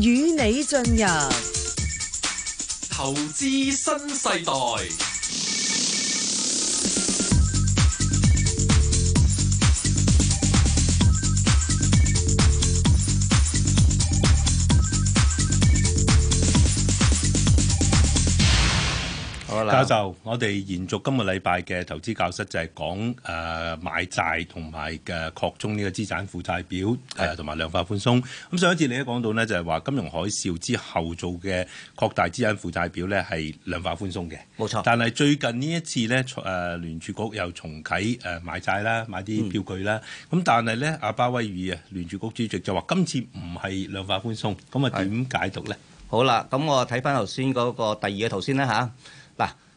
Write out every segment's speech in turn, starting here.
與你進入投資新世代。教授，我哋延續今個禮拜嘅投資教室就，就係講誒買債同埋嘅擴充呢個資產負債表，係同埋量化寬鬆。咁是上一次你都講到呢，就係話金融海嘯之後做嘅擴大資產負債表呢，係量化寬鬆嘅，冇錯錯。但係最近呢一次呢，誒聯儲局又重啟誒買債啦，買啲票據啦。咁、嗯、但係呢，阿巴威爾啊，聯儲局主席就話今次唔係量化寬鬆，咁啊點解讀呢？是」好啦，咁我睇翻頭先嗰個第二個圖先啦嚇。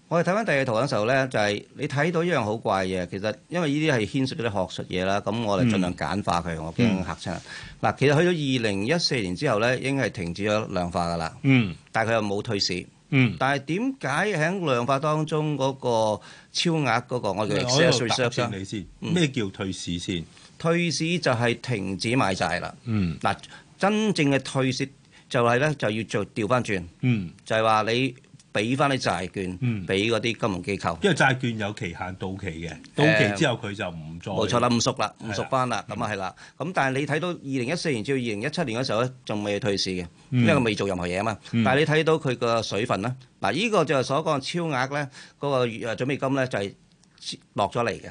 我哋睇翻第二圖嗰時候咧，就係你睇到一樣好怪嘢。其實因為呢啲係牽涉到啲學術嘢啦，咁我哋盡量簡化佢，我驚嚇親。嗱，其實去到二零一四年之後咧，應該係停止咗量化噶啦。嗯。但係佢又冇退市。嗯。但係點解喺量化當中嗰個超額嗰個我哋？我喺度答先你先。咩叫退市先？退市就係停止買債啦。嗯。嗱，真正嘅退市就係咧，就要做調翻轉。嗯。就係話你。俾翻啲債券，俾嗰啲金融機構。因為債券有期限到期嘅，嗯、到期之後佢就唔做。冇錯啦，唔熟啦，唔的熟翻啦，咁啊係啦。咁、就是、但係你睇到二零一四年至到二零一七年嗰時候咧，仲未退市嘅，嗯、因為佢未做任何嘢啊嘛。嗯、但係你睇到佢個水分啦。嗱、嗯，呢、啊呢個就係所講超額咧，嗰、嗰個準備金咧就係、是。落咗嚟嘅，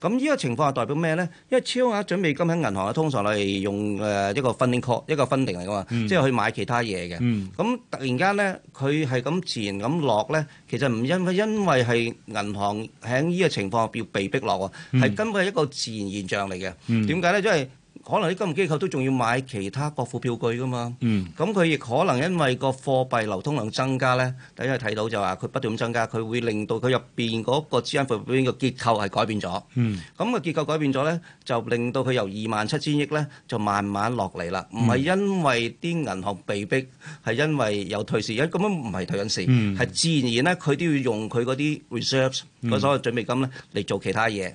咁呢、嗯、個情況係代表咩咧？因為超額準備金喺銀行啊，通常係用誒一個 funding call 一個 funding 嚟嘅嘛，嗯、即係去買其他嘢嘅。咁、嗯、突然間咧，佢係咁自然咁落咧，其實唔因為因為係銀行喺呢個情況下要被逼落啊，係、嗯、根本係一個自然現象嚟嘅。點解咧？即係。可能啲金融機構都仲要買其他國庫票據噶嘛，咁佢亦可能因為個貨幣流通量增加咧，大家睇到就話佢不斷咁增加，佢會令到佢入邊嗰個資產貨幣嘅結構係改變咗，咁個結構改變咗咧，就令到佢由二萬七千億咧就慢慢落嚟啦，唔係因為啲銀行被逼，係因為有退市，因為根本唔係退緊市，係自然而然咧佢都要用佢嗰啲 reserves 嗰所謂準備金咧嚟做其他嘢，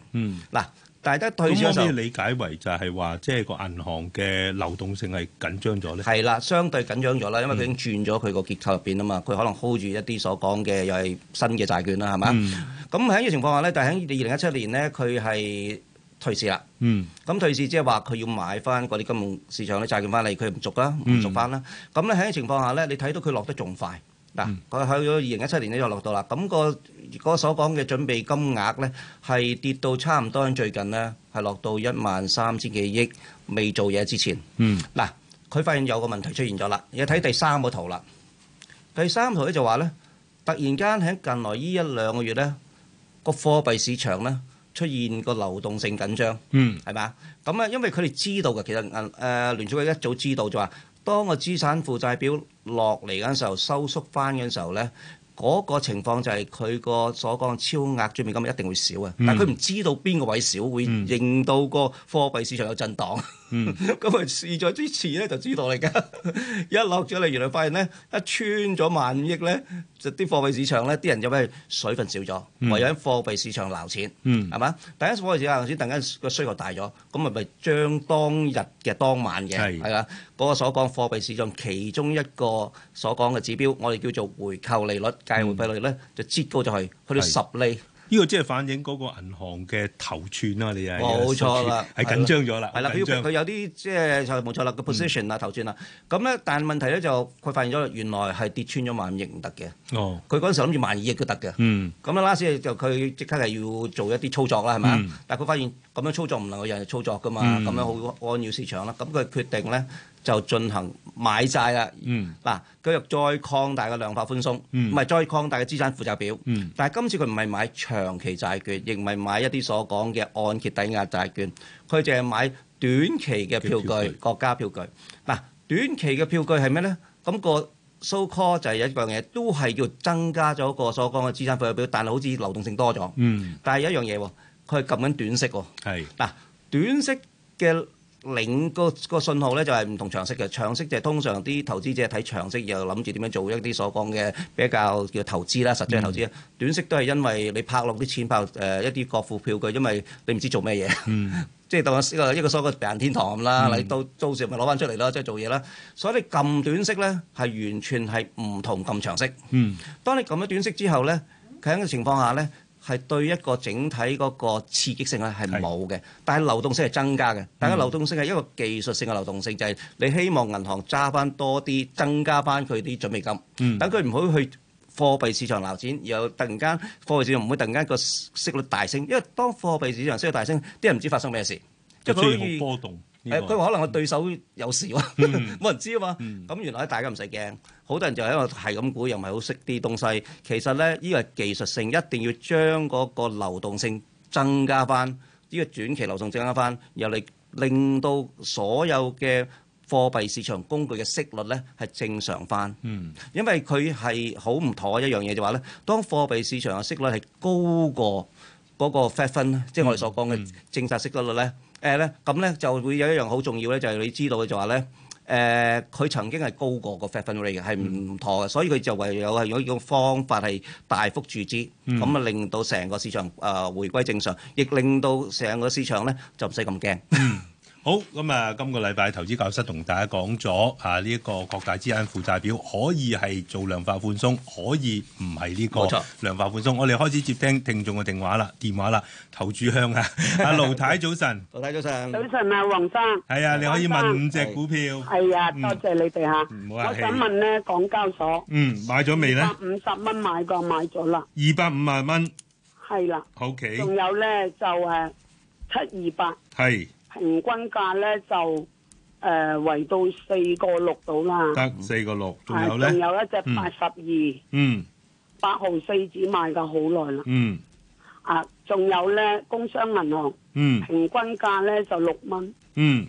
嗱。但係得退咗就咁，可唔可以理解為就係話，即係個銀行嘅流動性係緊張咗咧？係啦，相對緊張咗啦，因為佢已經轉咗佢個結構入邊啊嘛。佢可能 hold 住一啲所講嘅又係新嘅債券啦，係嘛？咁喺呢個情況下咧，但係喺二零一七年咧，佢係退市啦。嗯，咁退市即係話佢要買翻嗰啲金融市場啲債券翻嚟，佢唔續啦，唔續翻啦。咁咧喺呢個情況下咧，你睇到佢落得仲快。嗱，佢喺咗二零一七年咧就落到啦，咁個嗰個所講嘅準備金額咧係跌到差唔多喺最近咧係落到一萬三千幾億，未做嘢之前。嗯。嗱，佢發現有個問題出現咗啦，要睇第三個圖啦。第三圖咧就話咧，突然間喺近來呢一兩個月咧，個貨幣市場咧出現個流動性緊張。嗯。係嘛？咁啊，因為佢哋知道嘅，其實銀誒聯儲會一早知道就話，當個資產負債表，落嚟嗰時候，收縮翻嗰陣時候呢嗰、這個情況就係佢個所講超額準備金一定會少啊，但係佢唔知道邊個位少，會令到個貨幣市場有震盪。嗯，咁啊試在之前咧就知道嚟㗎， 一落咗嚟，原來發現咧一穿咗萬億咧，就啲貨幣市場咧啲人就咩水分少咗，唯有喺貨幣市場撈錢，係嘛、嗯？第一貨幣市場頭先突然間個需求大咗，咁咪咪將當日嘅當晚嘅係啦，嗰個所講貨幣市場其中一個所講嘅指標，我哋叫做回購利率、隔夜回購利率咧，就擠高咗去去到十厘。呢個即係反映嗰個銀行嘅頭寸啦，你係冇錯啦，係緊張咗啦，係啦的，因為佢有啲即係冇錯啦個 position 啊、嗯、頭寸啊，咁咧但係問題咧就佢發現咗原來係跌穿咗萬五億唔得嘅，哦，佢嗰陣時諗住萬二億都得嘅，嗯，咁啊 last 就佢即刻係要做一啲操作啦，係咪啊？嗯、但係佢發現咁樣操作唔能夠任意操作噶嘛，咁、嗯、樣好按要市場啦，咁佢決定咧。就進行買債啦，嗱、嗯，佢又再擴大嘅量化寬鬆，唔係、嗯、再擴大嘅資產負債表，嗯、但係今次佢唔係買長期債券，亦唔係買一啲所講嘅按揭抵押債券，佢淨係買短期嘅票據，嗯、國家票據。嗱、嗯，短期嘅票據係咩呢？咁、個 so call 就係一樣嘢，都係要增加咗個所講嘅資產負債表，但係好似流動性多咗，嗯、但係有一樣嘢喎，佢係撳緊短息喎，嗱、嗯，短息嘅。領個信號咧就係、是、唔同長息嘅長息就係通常啲投資者睇長息又諗住點樣做一啲所講嘅比較叫投資啦，實際投資啊，嗯、短息都係因為你拍落啲錢，拍誒一啲國庫票據，因為你唔知做咩嘢，嗯、即係當一個所謂嘅避難天堂咁啦，嗯、你到到時咪攞翻出嚟啦，即、就、係、是、做嘢啦。所以你撳短息咧係完全係唔同撳長息。嗯、當你撳咗短息之後咧，咁嘅情況下咧。係對一個整體嗰個刺激性咧係冇嘅，是但係流動性係增加嘅。嗯、但係流動性係一個技術性嘅流動性，就係、是、你希望銀行揸翻多啲，增加翻佢啲準備金，等佢唔好去貨幣市場流錢，然後突然間貨幣市場唔會突然間個息率大升，因為當貨幣市場息率大升，啲人唔知發生咩事，即係好波動。誒，佢話、啊、可能我對手有事喎，冇、嗯、 人知啊嘛。咁、嗯、原來大家唔使驚，好多人就係因為係咁估，又唔係好識啲東西。其實咧，依、這個技術性一定要將嗰個流動性增加翻，呢、這個短期流動性增加翻，又後令到所有嘅貨幣市場工具嘅息率咧係正常翻。嗯，因為佢係好唔妥一樣嘢就話、是、咧，當貨幣市場嘅息率係高過嗰個 Fed fund、嗯，即係我哋所講嘅政策息率咧。誒咧，咁咧、呃、就會有一樣好重要咧，就係、是、你知道嘅就話咧，誒、呃、佢曾經係高過個 Fed Fund Rate 係唔妥嘅，所以佢就唯有用一種方法係大幅注資，咁啊令到成個市場啊、呃、回歸正常，亦令到成個市場咧就唔使咁驚。 好咁啊！今個禮拜投資教室同大家講咗啊呢一個各大資產負債表可以係做量化寬鬆，可以唔係呢個冇錯，量化寬鬆。我哋開始接聽聽眾嘅電話啦，電話啦，頭注香啊！阿盧太早晨，盧太早晨，早晨啊，黃生，係啊，你可以問五隻股票，係啊，多謝你哋吓。唔好客氣。我想問咧，港交所，嗯，買咗未咧？百五十蚊買過，買咗啦，二百五萬蚊，係啦，OK。仲有咧就誒七二八，係。平均價咧就誒圍到四個六到啦，得四個六，仲有咧，仲有一隻八十二，嗯，八毫四字賣嘅好耐啦，嗯，啊，仲有咧，工商銀行，嗯，平均價咧就六蚊，嗯，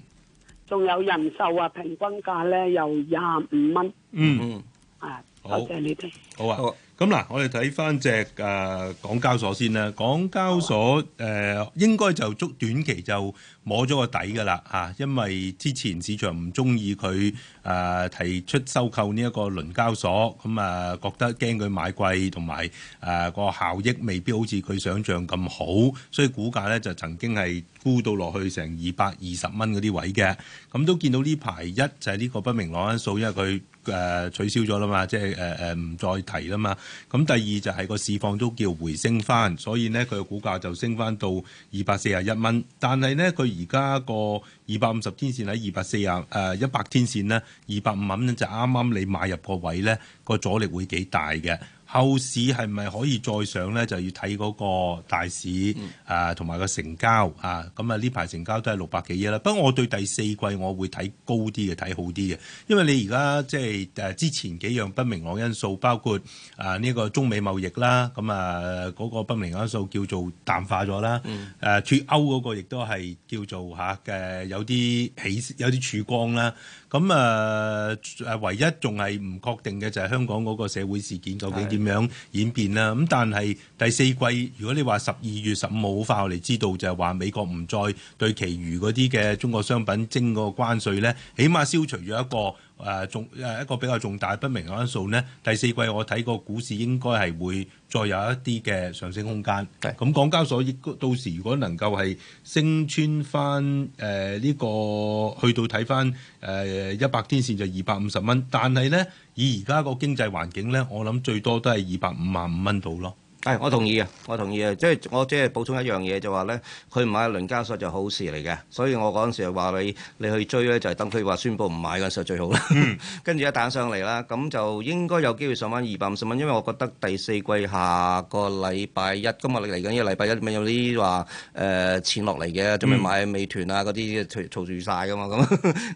仲有人壽啊，平均價咧又廿五蚊，嗯，啊，好，多謝你哋，好啊，咁嗱，我哋睇翻隻誒港交所先啦，港交所誒應該就捉短期就。摸咗個底噶啦吓，因為之前市場唔中意佢誒提出收購呢一個倫交所，咁、嗯、啊覺得驚佢買貴同埋誒個效益未必好似佢想象咁好，所以股價咧就曾經係沽到落去成二百二十蚊嗰啲位嘅。咁、嗯、都見到呢排一就係、是、呢個不明朗因素，因為佢誒、呃、取消咗啦嘛，即係誒誒唔再提啦嘛。咁、嗯、第二就係、是、個市況都叫回升翻，所以咧佢嘅股價就升翻到二百四十一蚊。但係咧佢。而家個二百五十天線喺二百四十，誒一百天線咧，二百五蚊咧就啱啱你買入個位咧，個阻力會幾大嘅。後市係咪可以再上咧？就要睇嗰個大市、嗯、啊，同埋個成交啊。咁啊，呢排成交都係六百幾億啦。不過我對第四季，我會睇高啲嘅，睇好啲嘅。因為你而家即係誒之前幾樣不明朗因素，包括啊呢、呢個中美貿易啦，咁啊嗰、嗰個不明朗因素叫做淡化咗啦。誒脫、嗯啊、歐嗰個亦都係叫做嚇嘅、啊、有啲起有啲曙光啦。啊咁啊，誒唯一仲係唔確定嘅就係香港嗰個社會事件究竟點樣演變啦。咁是的 但係第四季，如果你話十二月十五號好快我哋知道就係話美國唔再對其餘嗰啲嘅中國商品徵個關稅咧，起碼消除咗一個。誒重誒一個比較重大不明嘅因素咧，第四季我睇個股市應該係會再有一啲嘅上升空間。咁的港交所到時如果能夠係升穿翻誒呢個去到睇翻誒一百天線就二百五十蚊，但係咧以而家個經濟環境咧，我諗最多都係二百五萬五蚊到咯。係，我同意啊！我同意啊！即係我即係補充一樣嘢，就話、是、咧，佢唔買輪嘉索就好事嚟嘅。所以我嗰陣時就話你，你去追咧，就係、是、等佢話宣布唔買嘅時候最好啦。嗯、跟住一彈上嚟啦，咁就應該有機會上翻二百五十蚊，因為我覺得第四季下個禮拜一今日嚟緊，因為禮拜一咪有啲話誒錢落嚟嘅，準備買美團啊嗰啲嘈住晒噶嘛。咁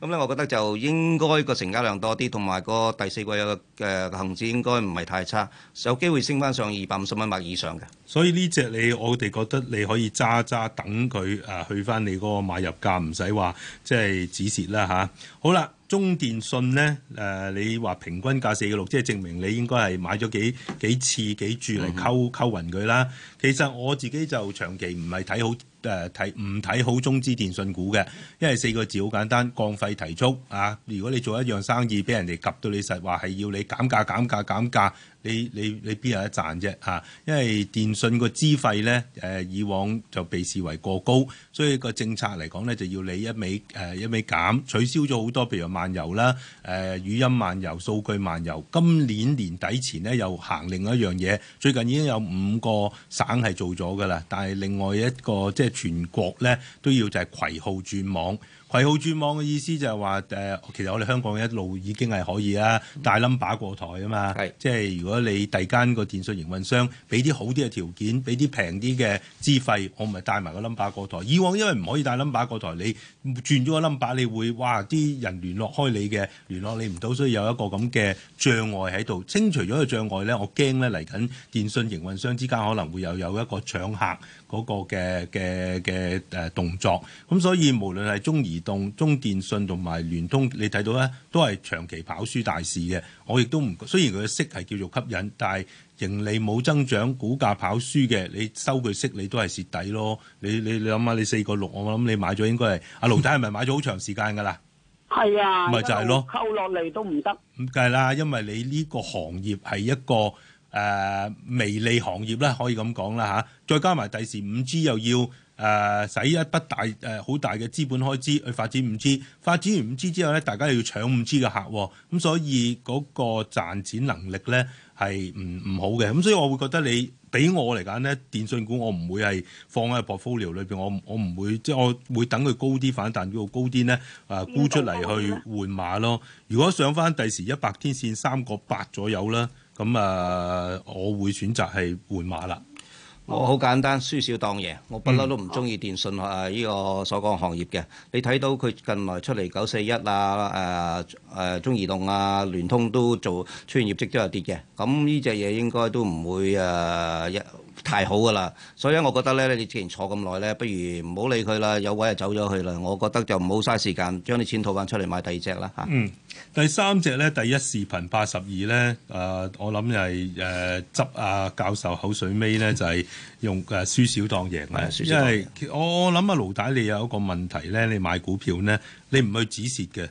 咁咧，我覺得就應該個成交量多啲，同埋個第四季有個嘅恆指應該唔係太差，有機會升翻上二百五十蚊。以上嘅。所以呢隻你我哋覺得你可以揸揸等佢誒、啊、去翻你嗰個買入價，唔使話即係止蝕啦吓、啊。好啦，中電信咧誒、啊，你話平均價四個六，6，即係證明你應該係買咗幾幾次幾注嚟溝溝勻佢啦。其實我自己就長期唔係睇好。誒睇唔睇好中資電信股嘅？因為四個字好簡單，降費提速啊！如果你做一樣生意，俾人哋及到你實話，係要你減價、減價、減價，你你你邊有得賺啫嚇、啊？因為電信個資費咧誒、啊，以往就被視為過高，所以個政策嚟講咧，就要你一味誒、啊、一味減，取消咗好多，譬如漫遊啦、誒、啊、語音漫遊、數據漫遊。今年年底前呢，又行另一樣嘢，最近已經有五個省係做咗㗎啦，但係另外一個即係，全國咧都要就係攜號轉網，攜號轉網嘅意思就係話誒，其實我哋香港一路已經係可以啦，嗯、帶 number 過台啊嘛，是即係如果你第間個電信營運商俾啲好啲嘅條件，俾啲平啲嘅資費，我咪帶埋個 number 過台。以往因為唔可以帶 number 過台，你轉咗個 number，你會哇啲人聯絡開你嘅聯絡你唔到，所以有一個咁嘅障礙喺度。清除咗個障礙咧，我驚咧嚟緊電信營運商之間可能會有有一個搶客。嗰個嘅嘅嘅誒動作，咁所以無論係中移動、中電信同埋聯通，你睇到咧都係長期跑輸大市嘅。我亦都唔，雖然佢嘅息係叫做吸引，但係盈利冇增長，股價跑輸嘅，你收佢息你都係蝕底咯。你你你諗下，你四個六，你想想你6，我諗你買咗應該係 阿盧太係咪買咗好長時間㗎啦？係啊，咪就係咯，扣落嚟都唔得。唔計啦，因為你呢個行業係一個。誒、呃、微利行業啦，可以咁講啦嚇。再加埋第時五 G 又要誒、呃、使一筆大誒好、呃、大嘅資本開支去發展五 G。發展完五 G 之後咧，大家又要搶五 G 嘅客，咁、啊、所以嗰個賺錢能力咧係唔唔好嘅。咁、啊、所以我會覺得你俾我嚟講咧，電信股我唔會係放喺 portfolio 裏邊，我唔我唔會即係我會等佢高啲反彈到高啲咧，誒、啊、沽出嚟去換馬咯。如果上翻第時一百天線三個八左右啦。咁啊、嗯，我會選擇係換馬啦。我好簡單，輸少當贏。我不嬲都唔中意電信啊！依、呃呢個所講行業嘅，你睇到佢近來出嚟九四一啊、誒、呃、誒中移動啊、聯通都做，出現業績都有跌嘅，咁呢隻嘢應該都唔會啊、呃、一。太好噶啦，所以我覺得咧，你之前坐咁耐咧，不如唔好理佢啦。有位就走咗去啦。我覺得就唔好嘥時間，將啲錢套翻出嚟買第二隻啦。啊、嗯，第三隻咧，第一視頻八十二咧，誒、呃，我諗又係誒執阿教授口水尾咧，就係、是、用誒、 啊、輸少當贏。贏，因為我我諗阿、啊、盧太，你有一個問題咧，你買股票咧，你唔去止蝕嘅。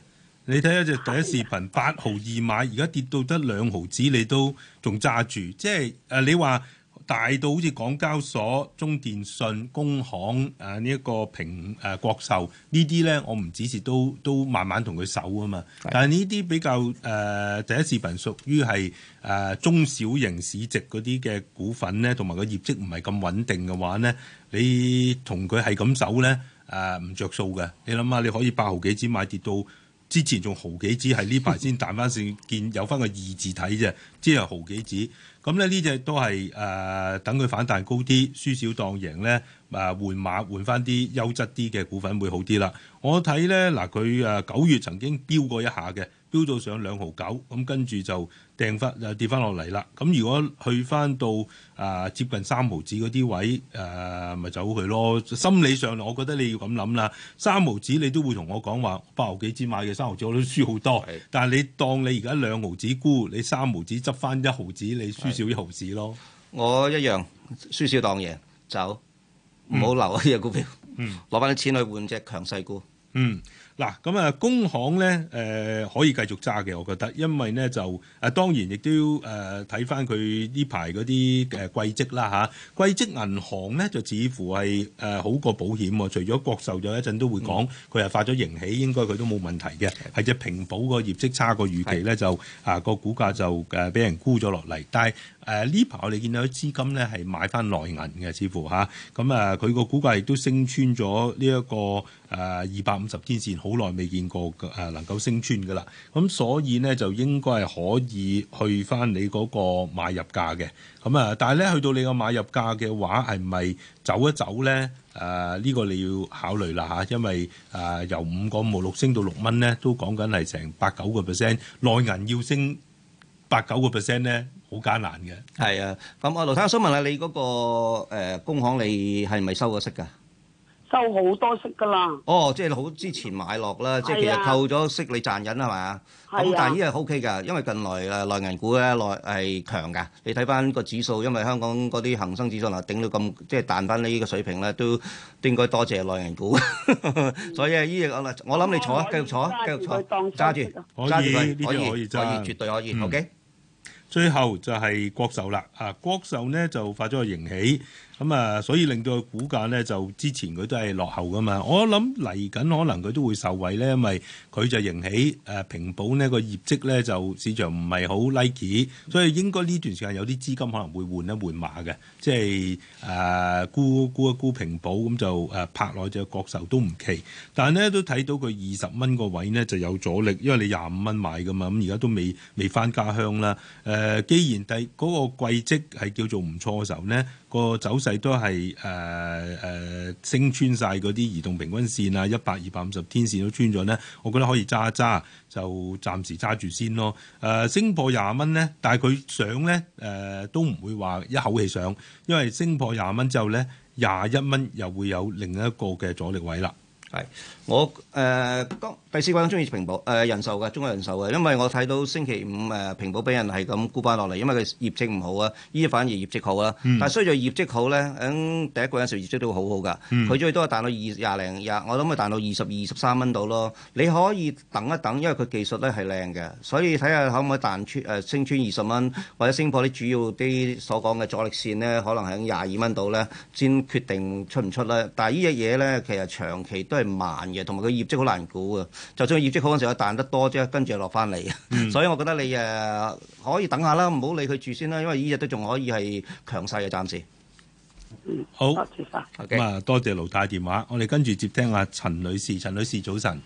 你睇一隻第一視頻八毫二買，而家跌到得兩毫子，你都仲揸住，即係誒、啊、你話。大到好似港交所、中電信、工行啊呢一、這個平誒、呃、國壽呢啲咧，我唔止是都都慢慢同佢守啊嘛。的但係呢啲比較誒、呃、第一視頻屬於係誒、呃、中小型市值嗰啲嘅股份咧，同埋個業績唔係咁穩定嘅話咧，你同佢係咁守咧誒唔着數嘅。你諗下，你可以八毫幾隻買跌到。之前仲毫幾子，係呢排先彈翻線，見有翻個二字體啫，即係毫幾子。咁咧呢隻都係誒、呃，等佢反彈高啲，輸少當贏咧，誒、呃、換馬換翻啲優質啲嘅股份會好啲啦。我睇咧嗱，佢誒九月曾經飆過一下嘅。飆到上兩毫九，咁跟住就掟翻誒跌翻落嚟啦。咁如果去翻到誒、呃、接近三毫子嗰啲位誒，咪、呃、走去咯。心理上，我覺得你要咁諗啦。三毫子你都會同我講話八毫幾支買嘅三毫子我都輸好多。是但係你當你而家兩毫子沽，你三毫子執翻一毫子，你輸少一毫子咯。我一樣輸少當贏，走，唔好留啊呢隻股票，嗯，攞翻啲錢去換隻強勢股，嗯。嗱，咁啊，工行咧，誒、呃，可以繼續揸嘅，我覺得，因為咧就誒，當然亦都誒睇翻佢呢排嗰啲誒季績啦吓，季績銀行咧就似乎係誒、呃、好過保險，除咗國壽有一陣都會講佢係發咗盈喜，應該佢都冇問題嘅，係只平保個業績差過預期咧的就啊個股價就誒俾、啊、人沽咗落嚟，但係誒呢排我哋見到啲資金咧係買翻內銀嘅，似乎吓咁啊佢個、啊啊啊啊、股價亦都升穿咗呢一個誒二百五十天綫。好耐未見過誒，能夠升穿㗎喇，咁所以咧就應該係可以去返你嗰個買入價嘅，咁啊，但係咧去到你個買入價嘅話，係咪走一走咧？誒，呢個你要考慮啦嚇，因為誒由五個五六升到六蚊咧，都講緊係成八九個 percent，內銀要升八九個 percent 咧，好艱難嘅。係啊，咁阿羅生我想問下你嗰個誒工行，你係咪收咗息㗎？收好多息噶啦！哦，即係好之前買落啦，即係其實扣咗息你賺緊係咪？咁但係依個 O K 噶，因為近來誒內銀股咧內係強噶。你睇翻個指數，因為香港嗰啲恆生指數啊頂到咁，即係彈翻呢個水平咧，都都應該多謝內銀股。所以依嘢我諗你坐啊，繼續坐啊，繼續坐，揸住，揸住，可以，可以，可以，絕對可以。O K。最後就係國壽啦，啊國壽咧就發咗個盈喜。咁啊、嗯，所以令到個股價咧就之前佢都係落後噶嘛。我諗嚟緊可能佢都會受惠咧，因為佢就迎起誒、呃、平保呢個業績咧就市場唔係好 like，所以應該呢段時間有啲資金可能會換一換馬嘅，即係誒、呃、沽沽一沽平保咁就誒拍耐隻國壽都唔奇，但係咧都睇到佢二十蚊個位呢就有阻力，因為你廿五蚊買噶嘛，咁而家都未未返家鄉啦。誒、呃，既然第嗰個季績係叫做唔錯嘅時候咧。個走勢都係誒誒升穿晒嗰啲移動平均線啊，一百、二百、五十天線都穿咗咧，我覺得可以揸一揸，就暫時揸住先咯。誒，升破廿蚊咧，但係佢上咧誒都唔會話一口氣上，因為升破廿蚊之後咧，廿一蚊又會有另一個嘅阻力位啦。係。我誒剛、呃、第四季都中意平保誒、呃、人壽㗎，中國人壽㗎，因為我睇到星期五誒、呃、平保俾人係咁沽翻落嚟，因為佢業績唔好啊。呢啲反而業績好啊，嗯、但係雖然業績好咧、嗯，第一季有時業績都好好㗎。佢、嗯、最多彈到二廿零廿，我諗咪彈到二十二十三蚊到咯。你可以等一等，因為佢技術咧係靚嘅，所以睇下可唔可以彈穿誒、呃、升穿二十蚊，或者升破啲主要啲所講嘅阻力線咧，可能喺廿二蚊度咧先決定出唔出咧。但係呢隻嘢咧，其實長期都係慢。同埋佢業績好難估啊！就算佢業績好嗰陣時彈得多啫，跟住落翻嚟，嗯、所以我覺得你誒可以等下啦，唔好理佢住先啦，因為依日都仲可以係強勢嘅，暫時、嗯、好啊！Okay. 多謝盧太電話，我哋跟住接聽阿陳女士，陳女士早晨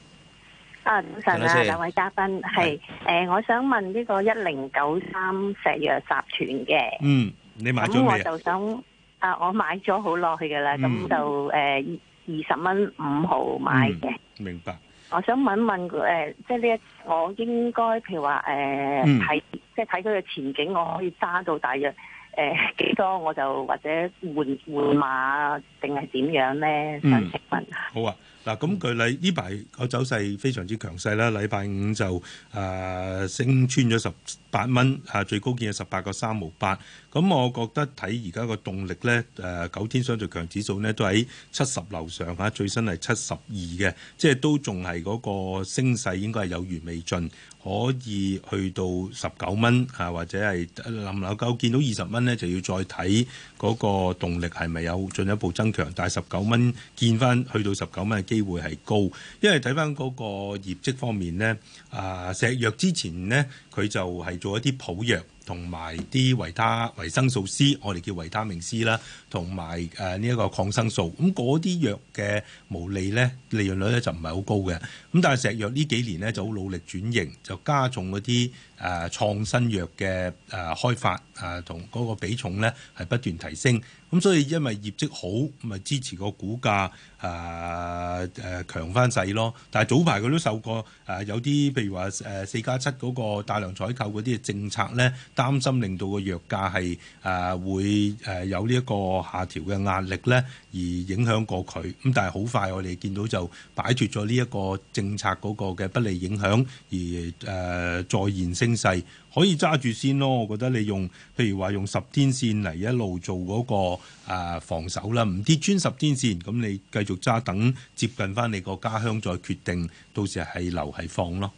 啊，早晨啊，兩、啊、位嘉賓係誒、啊呃，我想問呢個一零九三石藥集團嘅，嗯，你買咗未？咁我就想啊，我買咗好耐㗎啦，咁就誒。呃嗯二十蚊五毫買嘅、嗯，明白。我想問一問佢，誒、欸，即係呢一，我應該譬如話，誒、呃，睇、嗯、即係睇佢嘅前景，我可以揸到大約誒、呃、幾多，我就或者換換碼定係點樣咧？想請問、嗯。好啊。嗱，咁據例呢排個走勢非常之強勢啦，禮拜五就誒、呃、升穿咗十八蚊，啊，最高見到十八個三毫八。咁我覺得睇而家個動力咧，誒、呃、九天相對強指數呢都喺七十樓上嚇，最新係七十二嘅，即係都仲係嗰個升勢應該係有餘未盡。可以去到十九蚊啊，或者係能唔能夠見到二十蚊呢，就要再睇嗰個動力係咪有進一步增強。但係十九蚊見翻去到十九蚊嘅機會係高，因為睇翻嗰個業績方面呢，啊、呃、石藥之前呢，佢就係做一啲普藥同埋啲維他維生素 C，我哋叫維他命 C 啦，同埋誒呢一個抗生素。咁嗰啲藥嘅毛利呢，利潤率咧就唔係好高嘅。咁但係石藥呢幾年咧就好努力轉型，就加重嗰啲誒創新藥嘅誒開發誒同嗰個比重咧係不斷提升，咁、嗯、所以因為業績好，咪支持個股價誒誒強翻勢咯。但係早排佢都受過誒、呃、有啲譬如話誒四加七嗰個大量採購嗰啲政策咧，擔心令到個藥價係誒會誒有呢一個下調嘅壓力咧。而影響過佢，咁但係好快我哋見到就擺脫咗呢一個政策嗰個嘅不利影響，而、呃、誒再現升勢，可以揸住先咯。我覺得你用譬如話用十天線嚟一路做嗰、嗰個、呃、防守啦，唔跌穿十天線，咁你繼續揸等接近返你個家鄉再決定，到時係留係放咯。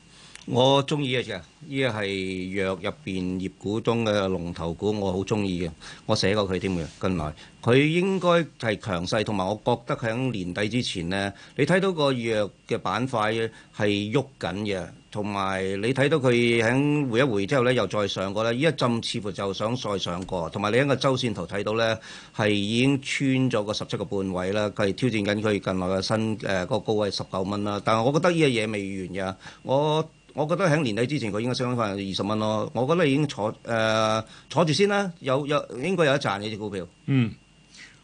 我中意嘅，呢個係藥入邊業股中嘅龍頭股，我好中意嘅。我寫過佢添嘅，近來佢應該係強勢，同埋我覺得喺年底之前呢，你睇到個藥嘅板塊係喐緊嘅，同埋你睇到佢喺回一回之後咧，又再上過喇，呢一浸似乎就想再上過，同埋你喺個周線圖睇到咧，係已經穿咗個十七個半位啦，佢係挑戰緊佢近來嘅新誒、呃、那個高位十九蚊啦。但係我覺得呢個嘢未完嘅，我。我覺得喺年底之前佢應該上升翻二十蚊咯，我覺得已經坐誒、呃、坐住先啦，有有應該有得賺嘅隻、這個、股票。嗯，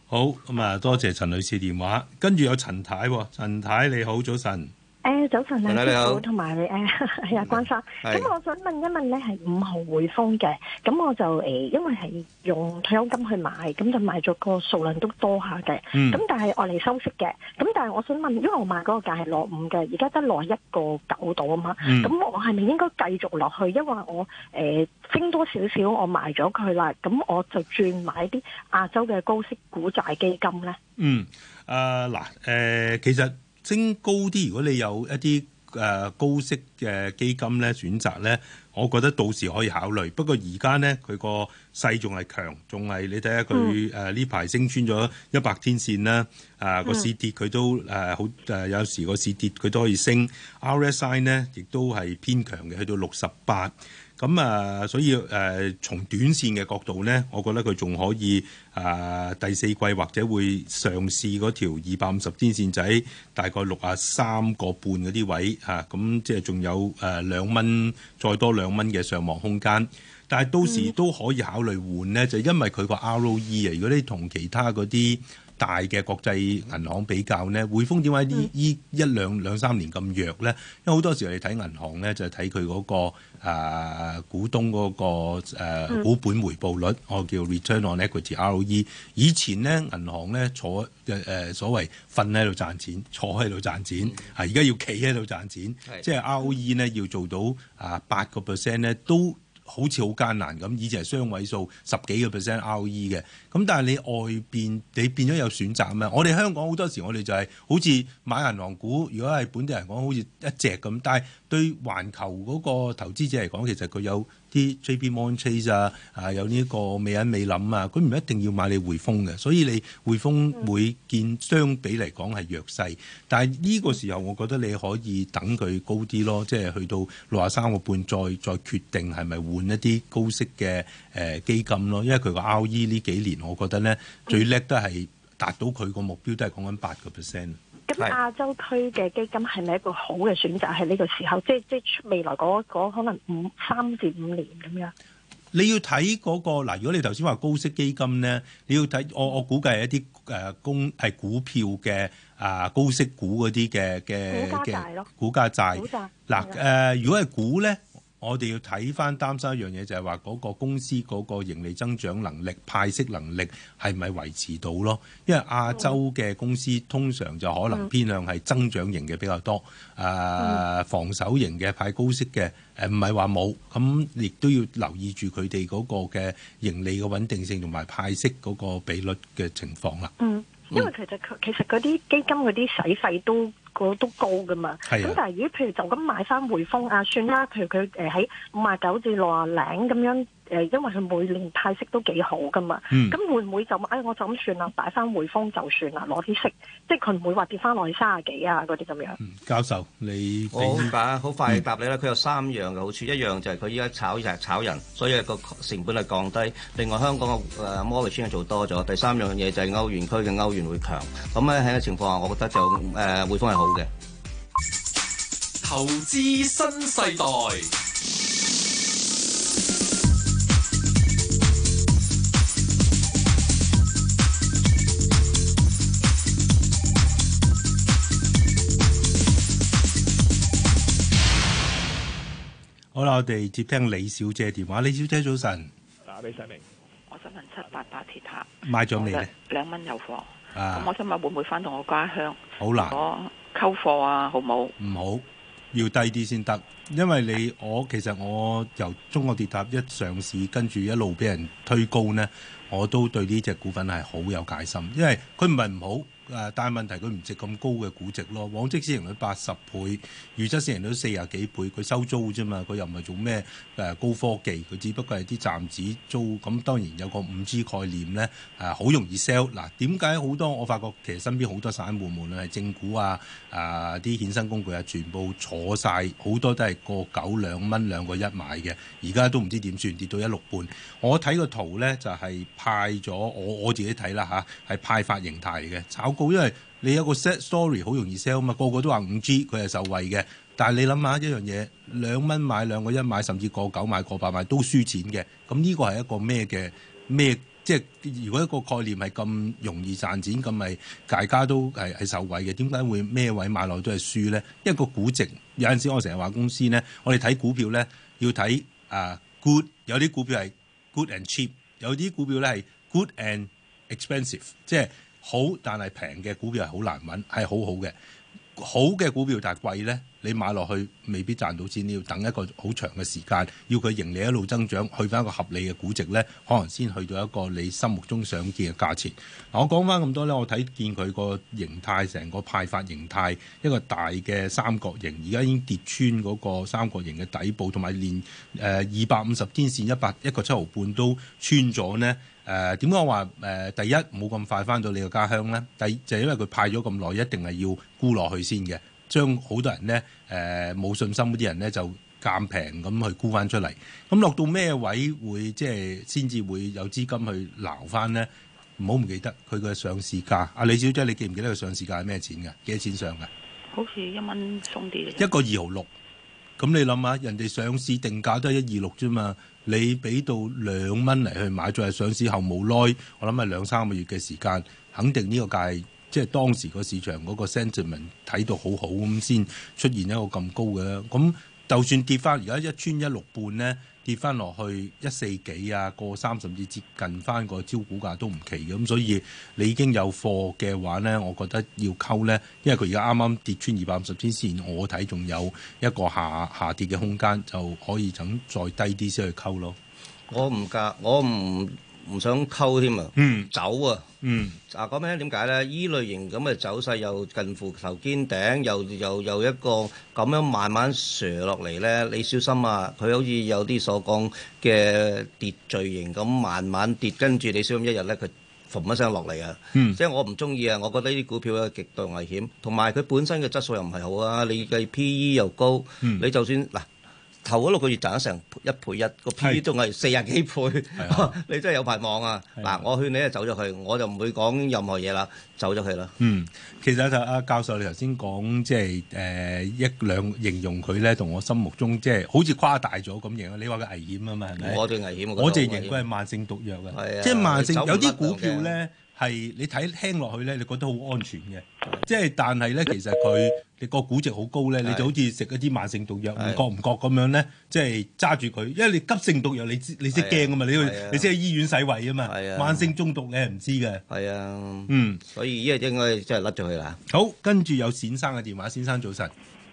好，咁啊，多謝陳女士電話，跟住有陳太，陳太你好，早晨。誒，早晨，梁師傅同埋誒，係啊、哎哎，關生。咁是、嗯、我想問一問咧，係五號匯豐嘅。咁我就誒、哎，因為係用退休金去買，咁就買咗個數量都多下嘅。咁、嗯、但係我嚟收息嘅。咁但係我想問，因為我買嗰個價係落五嘅，而家得落一個九度啊嘛。咁、嗯、我係咪應該繼續落去？因為我誒、呃、升多少少，我賣咗佢啦。咁我就轉買啲亞洲嘅高息股債基金咧。嗯，啊、呃、嗱，誒、呃、其實。升高啲，如果你有一啲誒、呃、高息嘅基金咧，選擇咧，我覺得到時可以考慮。不過而家咧，佢個勢仲係強，仲係你睇下佢誒呢排升穿咗一百天線啦。啊、呃，個市跌佢都誒好誒，有時個市跌佢都可以升。RSI 咧亦都係偏強嘅，去到六十八。咁啊、嗯，所以誒，從、呃、短線嘅角度咧，我覺得佢仲可以誒、呃、第四季或者會嘗試嗰條二百五十天線仔，大概六啊三個半嗰啲位嚇，咁即係仲有誒兩蚊再多兩蚊嘅上望空間，但係到時都可以考慮換咧，就係、因為佢個 ROE 啊，如果你同其他嗰啲大嘅國際銀行比較咧，匯豐點解呢呢一兩兩三年咁弱咧？因為好多時候你睇銀行咧，就係睇佢嗰個。.啊！股東嗰、那個誒、啊、股本回報率，嗯、我叫 return on equity（ROE）。以前咧，銀行咧坐誒誒、呃、所謂瞓喺度賺錢，坐喺度賺錢、嗯、啊！而家要企喺度賺錢，是即係 ROE 咧要做到啊八個 percent 咧都。好似好艱難咁，以前係雙位數十幾個 percent ROE 嘅，咁但係你外邊你變咗有選擇啊嘛！我哋香港好多時我哋就係好似買銀行股，如果係本地人講好似一隻咁，但係對環球嗰個投資者嚟講，其實佢有。啲 J.P.Morgan 啊，啊、uh，有呢個美人美林啊，佢唔一定要買你匯豐嘅，所以你匯豐會見相比嚟講係弱勢。但係呢個時候，我覺得你可以等佢高啲咯，即係去到六十三個半再再決定係咪換一啲高息嘅誒、呃、基金咯。因為佢個 R.E 呢幾年，我覺得咧最叻都係達到佢個目標都，都係講緊八個 percent。咁亞洲區嘅基金係咪一個好嘅選擇？喺呢個時候，即即係未來嗰個可能五三至五年咁樣。你要睇嗰個嗱，如果你頭先話高息基金咧，你要睇、嗯、我我估計係一啲誒、呃、公係股票嘅啊、呃、高息股嗰啲嘅嘅嘅股價債咯，股價債。嗱誒，如果係股咧。我哋要睇翻擔心一樣嘢，就係話嗰個公司嗰個盈利增長能力，派息能力係咪維持到咯？因為亞洲嘅公司通常就可能偏向係增長型嘅比較多，誒、嗯呃、防守型嘅派高息嘅誒唔係話冇，咁亦都要留意住佢哋嗰個嘅盈利嘅穩定性同埋派息嗰個比率嘅情況啦。嗯。因為其實佢其實嗰啲基金嗰啲使費都都高噶嘛，咁是的 但係如果譬如就咁買翻匯豐啊，算啦，譬如佢誒喺五啊九至六啊零咁樣。誒，因為佢每年派息都幾好噶嘛，咁會唔會就誒，我就咁算啦，擺翻匯豐就算啦，攞啲息，即係佢唔會話跌翻落去卅幾啊嗰啲咁樣。教授，你明白啊？好快答你啦，佢有三樣嘅好處，一樣就係佢依家炒就係炒人，所以個成本係降低。另外香港嘅誒摩利堅做多咗，第三樣嘢就係歐元區嘅歐元會強。咁咧喺個情況下，我覺得就誒匯豐係好嘅。投資新世代。好啦，我哋接聽李小姐電話。李小姐早晨，打俾世明，我想問七八八鐵塔買咗未咧？兩蚊有貨啊！我今日會唔會返到我家鄉？好難，我溝貨啊，好唔好？唔好，要低啲先得，因為你我其實我由中國鐵塔一上市，跟住一路俾人推高咧，我都對呢隻股份係好有戒心，因為佢唔係唔好。誒，但係問題佢唔值咁高嘅估值咯。往績市盈率八十倍，預測市盈率四十幾倍，佢收租啫嘛，佢又唔係做咩誒高科技，佢只不過係啲站子租。咁當然有個五 G 概念咧，誒、啊、好容易 sell。嗱、啊，點解好多我發覺其實身邊好多散戶，無論係正股啊，啊、呃、啲衍生工具啊，全部坐晒，好多都係個九兩蚊兩個一買嘅，而家都唔知點算，跌到一六半。我睇個圖咧，就係派咗，我我自己睇啦嚇，係、啊、派發形態嚟嘅，炒。因為你有個 set story 好容易 sell 嘛，個個都話五 G 佢係受惠嘅。但係你諗下一樣嘢，兩蚊買兩個一買，甚至過九買過百買都輸錢嘅。咁呢個係一個咩嘅咩？即係如果一個概念係咁容易賺錢，咁咪大家都係係受惠嘅。點解會咩位買落都係輸呢？因為個估值有陣時我成日話公司呢，我哋睇股票呢，要睇啊、uh, good。有啲股票係 good and cheap，有啲股票呢係 good and expensive，即係。好，但係平嘅股票係好難揾，係好好嘅。好嘅股票，但係貴呢。你買落去未必賺到錢，你要等一個好長嘅時間，要佢盈利一路增長，去翻一個合理嘅估值呢，可能先去到一個你心目中想見嘅價錢。嗱，我講翻咁多呢，我睇見佢個形態，成個派發形態，一個大嘅三角形，而家已經跌穿嗰個三角形嘅底部，同埋連誒二百五十天線，一百一個七毫半都穿咗咧。誒點解我話誒？第一冇咁快翻到你嘅家鄉呢；第二就係因為佢派咗咁耐，一定係要沽落去先嘅。將好多人呢，誒冇信心嗰啲人呢，就鑑平咁去沽翻出嚟，咁落到咩位會即係先至會有資金去撈翻呢？唔好唔記得佢個上市價。阿李小姐，你記唔記得佢上市價係咩錢㗎？幾多錢上㗎？好似一蚊鬆啲。一個二毫六，咁你諗下，人哋上市定價都係一二六啫嘛，你俾到兩蚊嚟去買，再係上市後冇耐，我諗係兩三個月嘅時間，肯定呢個價。即係當時個市場嗰個 sentiment 睇到好好咁，先出現一個咁高嘅。咁就算跌翻，而家一穿一六半咧，跌翻落去一四幾啊，過三甚至接近翻個招股價都唔奇咁。所以你已經有貨嘅話咧，我覺得要溝咧，因為佢而家啱啱跌穿二百五十天線，我睇仲有一個下下跌嘅空間，就可以等再低啲先去溝咯。我唔格，我唔。唔想溝添啊！嗯、走啊！嗱、嗯，講咩咧？點解咧？依類型咁嘅走勢又近乎頭肩頂，又又又一個咁樣慢慢瀡落嚟咧？你小心啊！佢好似有啲所講嘅跌序型咁，慢慢跌，跟住你小心一日咧，佢浮一聲落嚟啊！嗯、即係我唔中意啊！我覺得呢啲股票咧極度危險，同埋佢本身嘅質素又唔係好啊！你計 P E 又高，嗯、你就算嗱。啊頭嗰六個月賺咗成一倍一，個 P 仲係四十幾倍，的 你真係有排望啊！嗱的，我勸你啊走咗去，我就唔會講任何嘢啦，走咗去啦。嗯，其實就阿、啊、教授你頭先講即係誒一兩形容佢咧，同我心目中即係、就是、好似誇大咗咁形容。你話佢危險啊嘛，係咪？我對危險，覺得危險我淨係認為係慢性毒藥啊，即係的慢性。有啲股票咧。係你睇聽落去咧，你覺得好安全嘅，即係的但係咧，其實佢你個估值好高咧，的你就好似食一啲慢性毒藥，唔的覺唔覺咁樣咧，即係揸住佢，因為你急性毒藥你知你識驚啊嘛，你去你先去醫院洗胃啊嘛，的慢性中毒你係唔知嘅。係啊的，嗯，所以依個應該真係甩咗佢啦。好，跟住有冼生嘅電話，冼生早晨。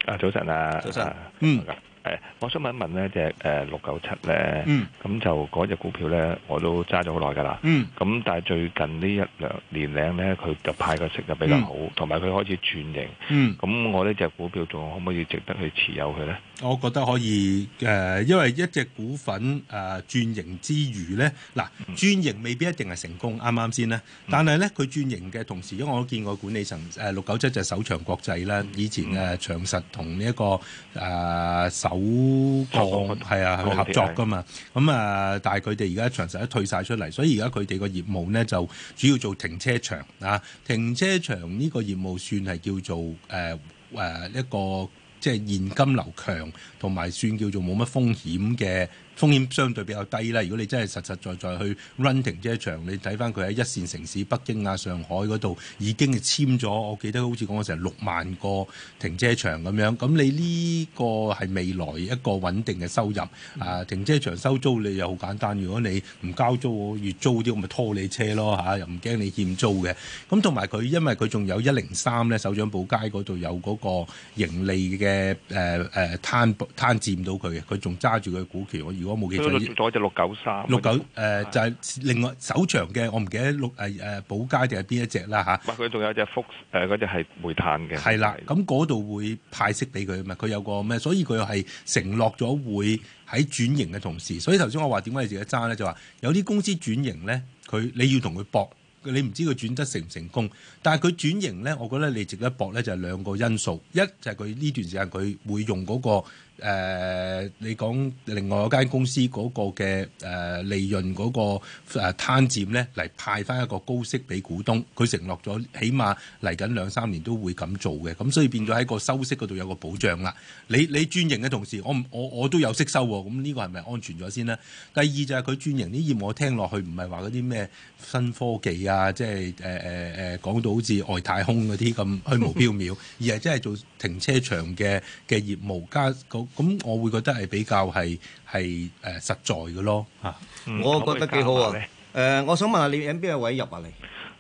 啊，早晨啊，早晨安。嗯安。誒，我想問一問一隻呢即係六九七咧，咁、嗯、就嗰隻股票咧，我都揸咗好耐㗎啦。咁、嗯、但係最近呢一兩年零咧，佢就派個息就比較好，同埋佢開始轉型。咁、嗯、我呢隻股票仲可唔可以值得去持有佢咧？我覺得可以誒、呃，因為一隻股份誒、呃、轉型之餘咧，嗱轉型未必一定係成功。啱啱先咧，但係咧佢轉型嘅同時，因為我見我管理層誒六九七就首長國際啦，以前誒長實同呢一個誒首。呃呃呃呃呃呃好降係啊，係合作噶嘛，咁啊，但係佢哋而家長實都退晒出嚟，所以而家佢哋個業務咧，就主要做停車場啊，停車場呢個業務算係叫做誒誒、呃呃、一個即係現金流強，同埋算叫做冇乜風險嘅。風險相對比較低啦。如果你真係實實在在去 run 停車場，你睇翻佢喺一線城市北京啊、上海嗰度已經係籤咗。我記得好似講成六萬個停車場咁樣。咁你呢個係未來一個穩定嘅收入啊！停車場收租你又好簡單。如果你唔交租，越租啲我咪拖你車咯嚇、啊，又唔驚你欠租嘅。咁同埋佢因為佢仲有一零三咧，首長寶街嗰度有嗰個盈利嘅誒誒攤佔攤佔到佢嘅，佢仲揸住佢股權我冇記錯咗隻六九三，六九誒，就係另外首長嘅，我唔記得六誒誒寶佳定係邊一隻啦吓。佢、啊、仲有隻福誒，隻、呃、係煤炭嘅。係啦的，咁嗰度會派息俾佢啊嘛。佢有個咩？所以佢係承諾咗會喺轉型嘅同時。所以頭先我話點解你自己揸咧，就話有啲公司轉型咧，佢你要同佢搏，你唔知佢轉得成唔成功。但係佢轉型咧，我覺得你值得搏咧，就係兩個因素，一就係佢呢段時間佢會用嗰、嗰個。誒、呃，你講另外一間公司嗰個嘅誒、呃、利潤嗰個誒攤佔咧，嚟派返一個高息俾股東，佢承諾咗起碼嚟緊兩三年都會咁做嘅，咁所以變咗喺個收息嗰度有個保障啦。你你轉型嘅同時，我我我都有息收喎，咁呢個係咪安全咗先呢？第二就係佢轉型啲業務，我聽落去唔係話嗰啲咩新科技啊，即係誒誒誒講到好似外太空嗰啲咁虛無飄渺， 而係即係做停車場嘅嘅業務加咁我會覺得係比較係係誒實在嘅咯嚇，嗯、我覺得幾好啊！誒，我想問下你喺邊個位入啊你？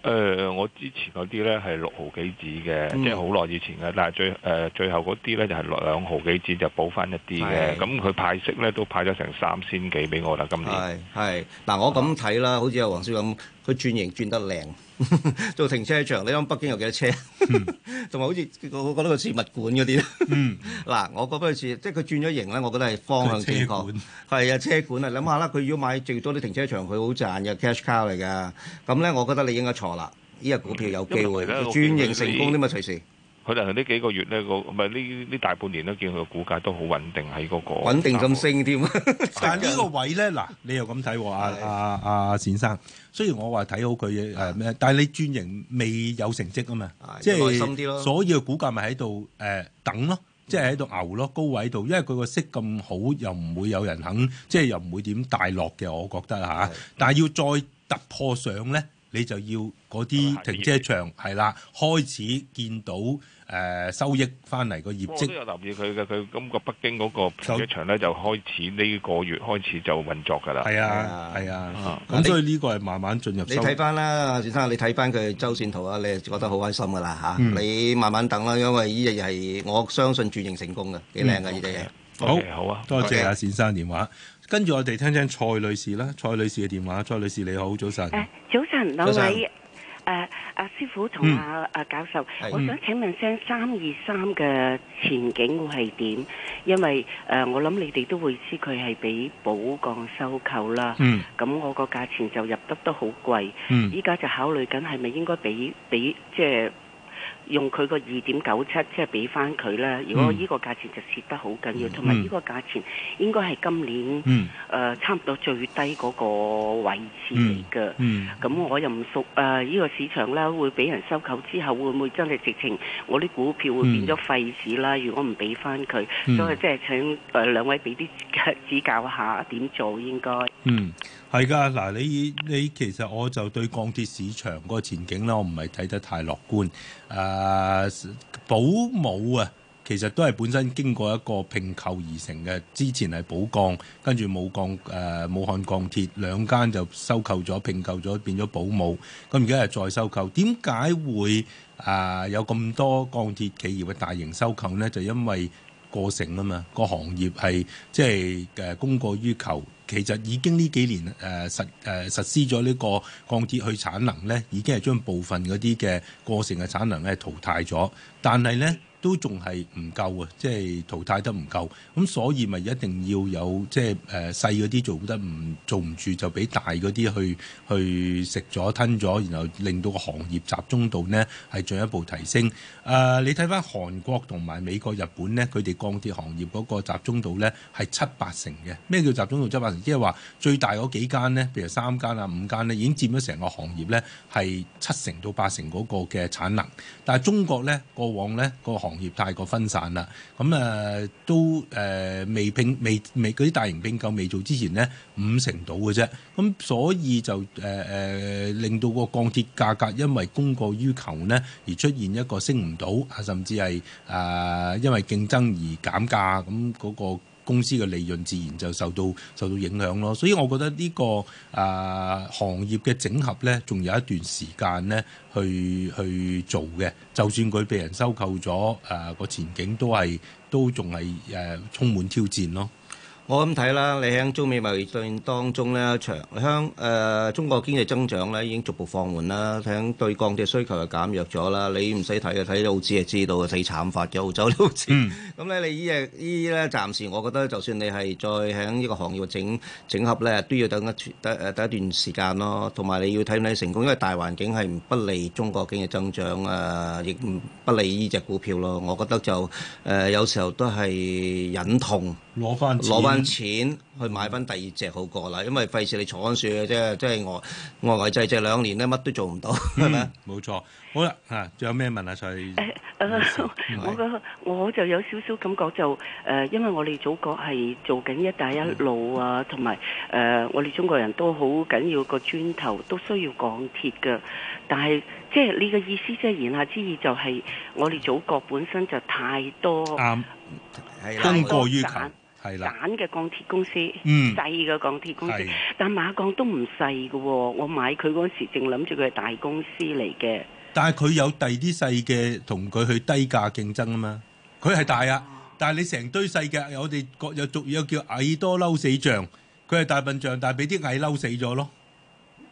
誒，我之前嗰啲咧係六毫幾紙嘅，即係好耐以前嘅，但係最誒、呃、最後嗰啲咧就係兩毫幾紙就補翻一啲嘅，咁佢是派息咧都派咗成三千幾俾我啦，今年係係嗱，但我咁睇啦，啊、好似阿黃叔咁。佢轉型轉得靚， 做停車場。你諗北京有幾多車？同 埋、mm. 好似我覺得個物管嗰啲。嗱，我覺得佢似即係佢轉咗型咧，我覺得係方向正確。係啊，車管啊，諗 下啦，佢如果買最多啲停車場，佢好賺嘅 cash cow 嚟㗎。咁咧，我覺得你應該錯啦。依個股票有機會轉型成功啲嘛？隨時。佢嚟呢幾個月咧，個唔係呢呢大半年都見佢個股價都好穩定喺嗰、那個穩定咁升添。 但係呢個位咧，嗱，你又咁睇喎，阿阿阿先生。雖然我話睇好佢誒，是的 但係你轉型未有成績啊嘛，的即係是耐心啲咯。所以個股價咪喺度誒等咯，即係喺度牛咯，高位度，因為佢個息咁好，又唔會有人肯，即係是的 又唔會點大落嘅，我覺得嚇、啊。但係要再突破上咧。你就要嗰啲停車場係啦，開始見到誒收益翻嚟個業績。我都有留意佢嘅，佢今個北京嗰個停車場咧就開始呢個月開始就運作㗎啦。係啊，係啊，咁所以呢個係慢慢進入。你睇翻啦，先生，你睇翻佢周線圖啊，你就覺得好開心㗎啦嚇。你慢慢等啦，因為呢隻嘢係我相信轉型成功嘅，幾靚㗎呢隻嘢。好，好啊，多謝啊，先生電話。跟住我哋聽聽蔡女士啦，蔡女士嘅電話，蔡女士你好，早晨。誒、啊，早晨，兩位誒、阿、啊、師傅同阿阿教授，是我想請問聲三二三嘅前景會係點？因為誒、呃，我諗你哋都會知佢係俾寶鋼收購啦。嗯，咁我個價錢就入得都好貴。嗯，依家就考慮緊係咪應該俾俾即係。用佢個二點九七，即係俾翻佢啦。如果呢個價錢就蝕得好緊要，同埋呢個價錢應該係今年誒、嗯呃、差唔多最低嗰個位置嚟嘅。咁、嗯嗯、我又唔熟誒呢、呃呢個市場啦，會俾人收購之後，會唔會真係直情我啲股票會變咗廢紙啦？嗯、如果唔俾翻佢，嗯、所以即係請誒、呃、兩位俾啲指教下點做應該。嗯。係噶，嗱，你你其實我就對鋼鐵市場個前景咧，我唔係睇得太樂觀。誒、呃，寶武啊，其實都係本身經過一個併購而成嘅，之前係寶鋼跟住武鋼誒、呃，武漢鋼鐵兩間就收購咗、併購咗，變咗寶武。咁而家係再收購，點解會誒、呃、有咁多鋼鐵企業嘅大型收購咧？就因為過剩啊嘛，個行業係即係誒供過於求。其實已經呢幾年誒、呃、實誒、呃、實施咗呢個鋼鐵去產能咧，已經係將部分嗰啲嘅過剩嘅產能咧淘汰咗，但係咧，都仲係唔夠啊！即係淘汰得唔夠，咁所以咪一定要有即係誒細嗰啲做得唔做唔住，就俾大嗰啲去去食咗吞咗，然後令到個行業集中度咧係進一步提升。誒、呃。你睇翻韓國同埋美國日本咧，佢哋鋼鐵行業嗰個集中度咧係七八成嘅。咩叫集中度七八成？即係話最大嗰幾間咧，譬如三間啊、五間咧，已經佔咗成個行業咧係七成到八成嗰個嘅產能。但係中國咧過往咧、嗰個。行，業太過分散啦，咁、嗯、誒都誒未並未未嗰啲大型並購未做之前咧，五成到嘅啫，咁、嗯、所以就誒誒、呃、令到個鋼鐵價格因為供過於求咧而出現一個升唔到啊，甚至係啊、呃、因為競爭而減價咁嗰、嗯那個。公司嘅利潤自然就受到受到影響咯，所以我覺得呢、這個誒、呃、行業嘅整合咧，仲有一段時間咧去去做嘅。就算佢被人收購咗，誒、呃、個前景都係都仲係誒充滿挑戰咯。我咁睇啦，你喺中美矛盾當中咧，長香誒中國經濟增長咧已經逐步放緩啦，喺對鋼鐵需求就減弱咗啦。你唔使睇嘅，睇澳紙就知道嘅，睇慘法嘅澳洲澳紙。咁咧，你呢隻呢咧，暫時我覺得就算你係再喺呢個行業整整合咧，都要等一段得誒一段時間咯。同埋你要睇唔睇成功，因為大環境係唔不利中國經濟增長啊，亦唔不利呢隻股票咯。我覺得就誒有時候都係忍痛。攞翻攞翻錢，錢去買翻第二隻好過啦，因為費事你坐安船嘅啫，即係我外圍滯滯兩年咧，乜都做唔到，係咪、嗯？冇吧錯。好啦，嚇，仲有咩問啊？所以？誒、欸呃嗯，我我就有少少感覺就誒、呃，因為我哋祖國係做緊一帶一路啊，同埋誒，我哋中國人都好緊要個磚頭，都需要鋼鐵㗎。但係即係你嘅意思，即係言下之意就係我哋祖國本身就太多啱，係啦、嗯，過於緊。係啦，簡嘅鋼鐵公司，細嘅鋼鐵公司，但馬鋼都唔細嘅。我買佢嗰時，正諗住佢係大公司嚟嘅。但係佢有第啲細嘅同佢去低價競爭啊嘛。佢係大啊，哦、但係你成堆細嘅，我哋各有俗語，叫矮多嬲死象。佢係大笨象，但係俾啲矮嬲死咗咯。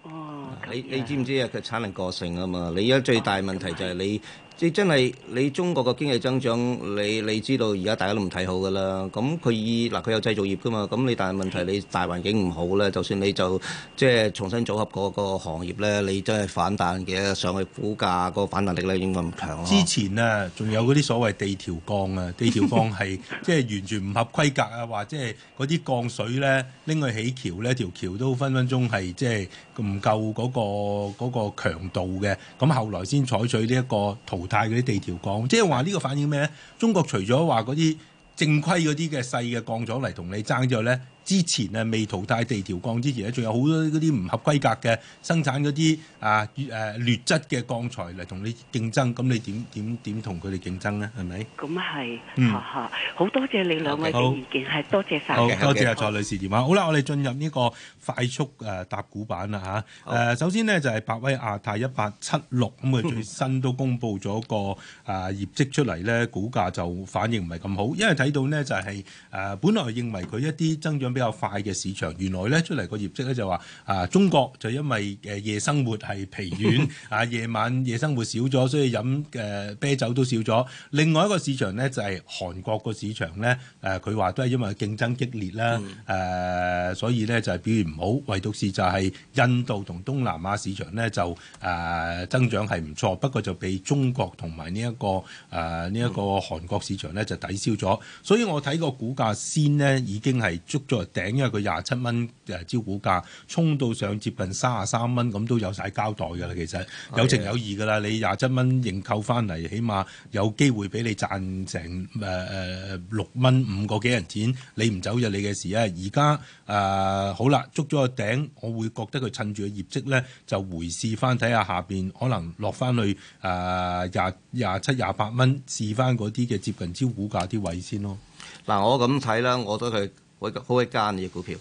哦，你你知唔知啊？佢產能過剩啊嘛。你而家最大問題就係你。哦即真係你中國嘅經濟增長，你你知道而家大家都唔睇好噶啦。咁佢以嗱佢有製造業噶嘛，咁你但係問題你大環境唔好咧，就算你就即係重新組合個行業咧，你真係反彈嘅，上去股價，嗰個反彈力咧應該唔強咯。之前啊仲有嗰啲所謂地條鋼啊，地條鋼係、啊、 即係完全唔合規格啊，或即係嗰啲鋼水咧拎去起橋咧，條橋都分分鐘係即係唔夠嗰個嗰、嗰個強度嘅。咁後來先採取呢一個。同。淘汰嗰啲地條鋼，即係話呢個反應咩咧？中國除咗話嗰啲正規嗰啲嘅細嘅鋼廠嚟同你爭之外咧。之前啊，未淘汰地條鋼之前咧，仲有好多嗰啲唔合規格嘅生產嗰啲啊誒劣質嘅鋼材嚟同你競爭，咁你點點點同佢哋競爭呢？係咪？咁係，好多謝你兩位嘅意見，係多謝曬。好，多謝啊蔡女士電話。好啦，我哋進入呢個快速誒搭股板啦嚇。誒，首先呢，就係百威亞太一八七六，咁佢最新都公布咗個啊業績出嚟咧，股價就反應唔係咁好，因為睇到呢就係誒本來認為佢一啲增長。比較快嘅市場，原來咧出嚟個業績咧就話啊，中國就因為誒夜生活係疲軟啊，夜晚夜生活少咗，所以飲嘅、呃、啤酒都少咗。另外一個市場咧就係、是、韓國個市場咧，誒佢話都係因為競爭激烈啦，誒、啊、所以咧就係、是、表現唔好。唯獨是就係印度同東南亞市場咧就誒、啊、增長係唔錯，不過就被中國同埋呢一個誒呢一個韓國市場咧就抵消咗。所以我睇個股價先咧已經係捉咗。頂，因為佢廿七蚊誒招股價，衝到上接近卅三蚊咁都有晒交代嘅啦。其實有情有義嘅啦，你廿七蚊認購翻嚟，起碼有機會俾你賺成誒誒六蚊五個幾銀錢，你唔走就你嘅事啊。而家誒好啦，捉咗個頂，我會覺得佢趁住個業績咧，就回試翻睇下下邊可能落翻去誒廿廿七廿八蚊試翻嗰啲嘅接近招股價啲位先咯。嗱，我咁睇啦，我都係。好一間嘅股票，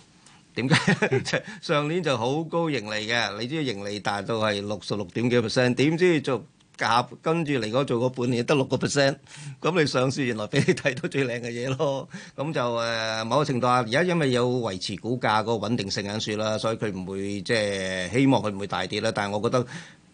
點解？ 上年就好高盈利嘅，你知盈利達到係六十六點幾 percent，點知做夾，跟住嚟講做個半年得六個 percent，咁你上市原來俾你睇到最靚嘅嘢咯。咁就誒、呃、某個程度下，而家因為有維持股價嗰個穩定性響書啦，所以佢唔會即係、呃、希望佢唔會大跌啦。但係我覺得。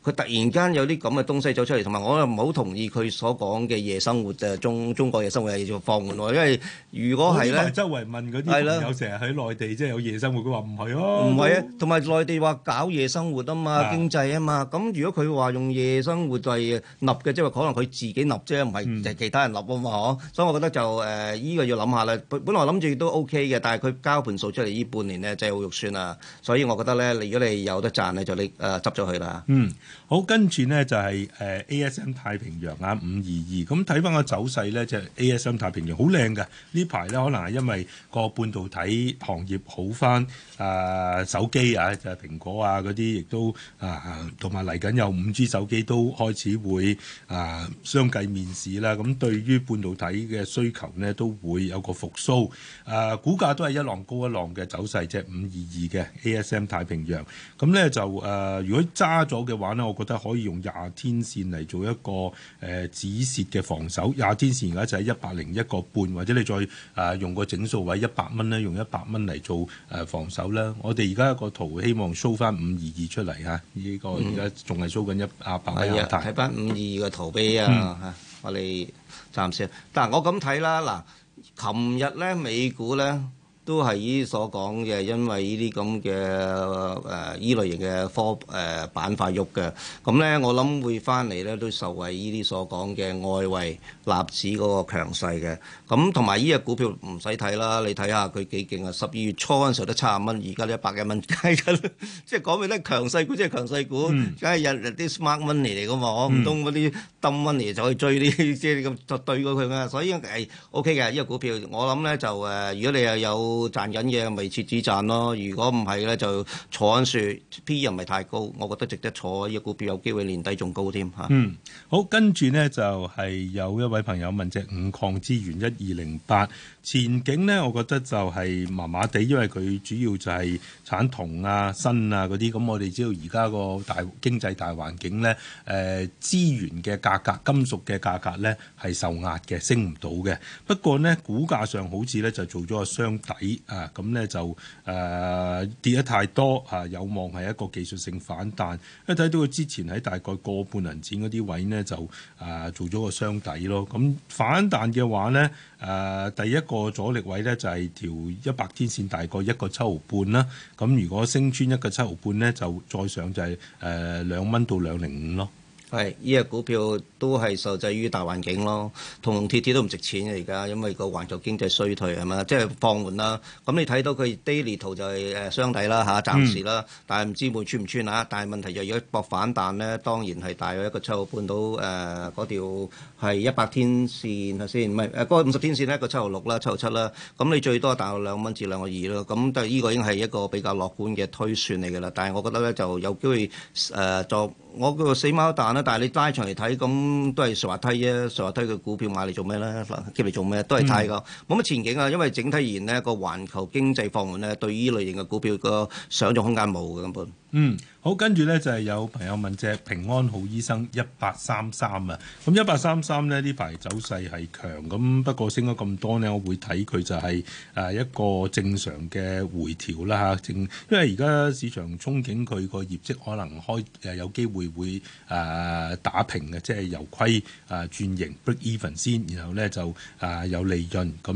佢突然間有啲咁嘅東西走出嚟，同埋我又唔好同意佢所講嘅夜生活嘅中中國夜生活要放緩喎。因為如果係咧，周圍問嗰啲的朋友成日喺內地即係有夜生活，佢話唔係喎。唔係啊，同埋、啊、內地話搞夜生活啊嘛，的經濟啊嘛。咁如果佢話用夜生活就係立嘅，即係可能佢自己立啫，唔係其他人立、嗯、啊嘛。所以我覺得就誒依、呃這個要諗下啦。本來我諗住都 OK 嘅，但係佢交盤數出嚟呢半年咧真係好肉酸啊。所以我覺得咧，你如果你有得賺咧，就你誒執咗佢啦。呃、了了嗯。好，跟住呢就係、是、誒、呃、ASM 太平洋啊，五二二咁睇翻個走勢咧，就是、ASM 太平洋好靚嘅呢排咧，可能係因為個半導體行業好翻啊，手機啊就係、是、蘋果啊嗰啲，亦都啊同埋嚟緊有五 G 手機都開始會啊相繼面市啦。咁對於半導體嘅需求呢，都會有個復甦啊，股價都係一浪高一浪嘅走勢啫，五二二嘅 ASM 太平洋咁咧就誒、啊，如果揸咗嘅話，我覺得可以用廿天線嚟做一個誒、呃、止蝕嘅防守。廿天線而家就喺一百零一個半，或者你再誒、呃、用個整數位一百蚊咧，用一百蚊嚟做誒、呃、防守啦。我哋而家一個圖希望收翻五二二出嚟啊！呢、這個而家仲係收緊一啊百蚊，睇翻五二二嘅圖碑啊！嚇、嗯，我哋暫時嗱，但我咁睇啦嗱，琴日咧美股咧。都係依啲所講嘅，因為呢啲咁嘅誒依類型嘅科誒板塊喐嘅，咁、呃、咧我諗會翻嚟咧都受惠依啲所講嘅外圍立市嗰個強勢嘅，咁同埋依隻股票唔使睇啦，你睇下佢幾勁啊！十二月初嗰陣時都七十蚊，而家都一百幾蚊雞噶啦，即係講明咧強勢股即係強勢股，梗係日日啲 smart money 嚟噶嘛，我唔通嗰啲抌 money 就去追呢？即係咁對過佢啊！所以誒 O K 嘅依隻股票，我諗咧就誒，如果你又有賺緊嘢咪設止賺咯，如果唔係咧就坐穩樹。 PE 又唔係太高，我覺得值得坐。依個股票有機會年底仲高添嚇。啊、嗯，好，跟住呢，就係、是、有一位朋友問隻五礦資源一二零八。前景咧，我覺得就係麻麻地，因為佢主要就係產銅啊、鋅啊嗰啲。咁我哋知道而家個大經濟大環境咧，誒、呃、資源嘅價格、金屬嘅價格咧係受壓嘅，升唔到嘅。不過呢，股價上好似咧就做咗個箱底啊，咁咧就誒、呃、跌得太多啊，有望係一個技術性反彈。一睇到佢之前喺大概個半銀錢嗰啲位呢，就啊做咗個箱底咯。咁反彈嘅話咧。誒、呃、第一個阻力位咧就係、是、條一百天線大概一個七毫半啦，咁、啊、如果升穿一個七毫半咧，就再上就係、是、誒、呃、兩蚊到兩零五咯。係，呢隻股票都係受制於大環境咯，銅銅鐵鐵都唔值錢嘅而家，因為個環球經濟衰退係咪即係放緩啦、啊。咁你睇到佢 daily 圖就係誒雙底啦嚇，暫、啊、時啦。但係唔知會穿唔穿啊？但係問題就如果搏反彈咧，當然係大約一個七號半到誒嗰條係一百天線先，唔係誒嗰五十天線咧，個七號六啦，七號七啦。咁你最多大約兩蚊至兩個二咯。咁但係呢個已經係一個比較樂觀嘅推算嚟㗎啦。但係我覺得咧就有機會誒、呃、作。我個死貓蛋啦，但係你拉長嚟睇，咁都係瀡滑梯啫。瀡滑梯嘅股票買嚟做咩咧？基嚟做咩？都係睇噶，冇乜、嗯、前景啊！因為整體而言咧，個環球經濟放緩咧，對呢類型嘅股票個想像空間冇嘅根本。嗯，好，跟住咧就係、是、有朋友問隻，平安好醫生一八三三啊，咁一八三三咧呢排走勢係強，咁不過升咗咁多呢，我會睇佢就係、是、誒、啊、一個正常嘅回調啦嚇，正，因為而家市場憧憬佢個業績可能開誒有機會會誒、啊、打平嘅，即、就、係、是、由虧誒、啊、轉型 break even 先，然後咧就誒、啊、有利潤，咁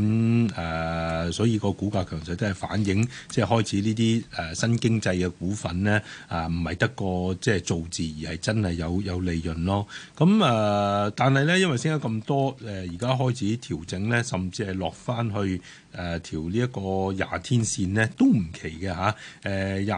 誒、啊、所以個股價強勢都係反映即係、就是、開始呢啲誒新經濟嘅股份咧。啊，唔係得個即係造字，而係真係有有利潤咯。咁啊、呃，但係咧，因為升得咁多，誒而家開始調整咧，甚至係落翻去誒、呃、調呢一個廿天線咧，都唔奇嘅嚇。誒、啊、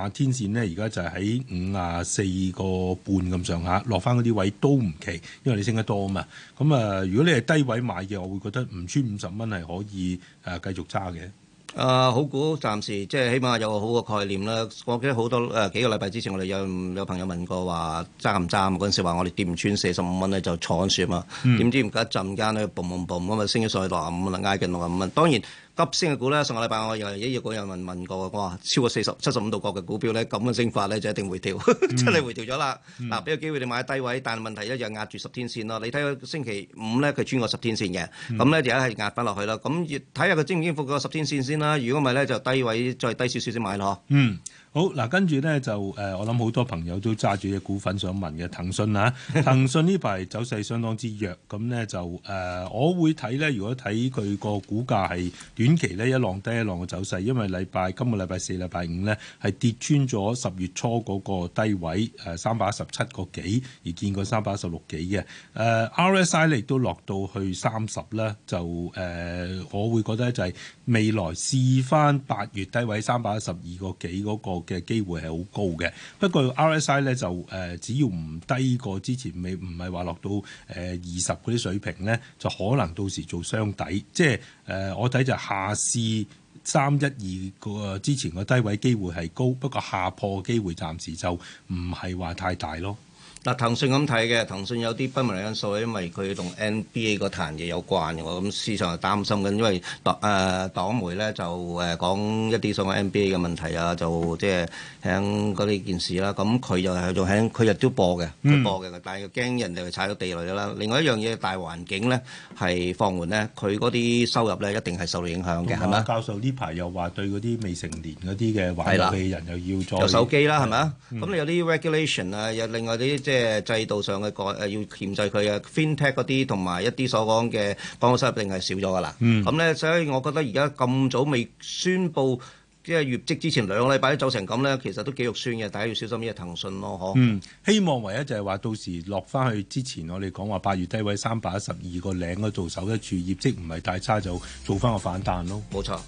廿天線咧，而家就喺五啊四個半咁上下，落翻嗰啲位都唔奇，因為你升得多啊嘛。咁啊、呃，如果你係低位買嘅，我會覺得唔穿五十蚊係可以誒、呃、繼續揸嘅。誒好估，暫時即係起碼有個好個概念啦。我記得好多誒幾個禮拜之前，我哋有有朋友問過話揸唔揸？嗰陣時話我哋跌唔穿四十五蚊咧，就坐船啊。點知唔夠一陣間咧，嘣嘣嘣咁啊，升咗上去六啊五蚊啦，挨近六啊五蚊。當然。急升嘅股咧，上個禮拜我又一頁有人問問過我，哇，超過四十七十五度角嘅股票咧，咁樣升法咧就一定回調，嗯、 真係回調咗啦。嗱、嗯，俾、啊、個機會你買低位，但係問題一又壓住十天線咯。你睇星期五咧，佢穿過十天線嘅，咁咧而家係壓翻落去啦。咁、嗯、睇、嗯、下佢堅唔堅復個十天線先啦。如果唔係咧，就低位再低少少先買咯。嗯。好嗱，跟住咧就誒、呃，我諗好多朋友都揸住啲股份想問嘅騰訊啊，騰訊呢排走勢相當之弱，咁咧就誒、呃，我會睇咧，如果睇佢個股價係短期咧一浪低一浪嘅走勢，因為禮拜今個禮拜四、禮拜五咧係跌穿咗十月初嗰個低位誒三百一十七個幾，而見過三百一十六幾嘅誒 RSI 亦都落到去三十啦。就誒、呃，我會覺得就係未來試翻八月低位三百一十二個幾嗰個嘅機會係好高嘅，不過 RSI 咧就誒、呃，只要唔低過之前未，唔係話落到誒二十嗰啲水平咧，就可能到時做雙底，即係誒、呃、我睇就下試三一二個之前個低位機會係高，不過下破機會暫時就唔係話太大咯。嗱，騰訊咁睇嘅，騰訊有啲不明因素，因為佢同 NBA 嗰單嘢有關嘅，咁市場係擔心嘅，因為黨誒黨媒咧就誒講一啲所謂 NBA 嘅問題啊，就即係響嗰啲件事啦。咁佢又係仲響，佢亦都播嘅，佢播嘅，但係佢驚人哋踩到地雷啦。另外一樣嘢大環境咧係放緩咧，佢嗰啲收入咧一定係受到影響嘅，係嘛？教授呢排又話對嗰啲未成年嗰啲嘅玩遊戲人又要阻手機啦，係嘛？咁你有啲 regulation 啊，有另外啲即係。即係制度上嘅改，誒、呃、要限制佢嘅 fin tech 嗰啲，同埋、嗯、一啲所講嘅廣告收入定係少咗噶啦。咁咧、嗯嗯，所以我覺得而家咁早未宣布即係業績之前兩個禮拜做成咁咧，其實都幾肉酸嘅。大家要小心呢啊，騰訊咯，嗬。嗯，希望唯一就係話到時落翻去之前，我哋講話八月低位三百一十二個零嗰度守得住業績唔係大差，就做翻個反彈咯。冇錯。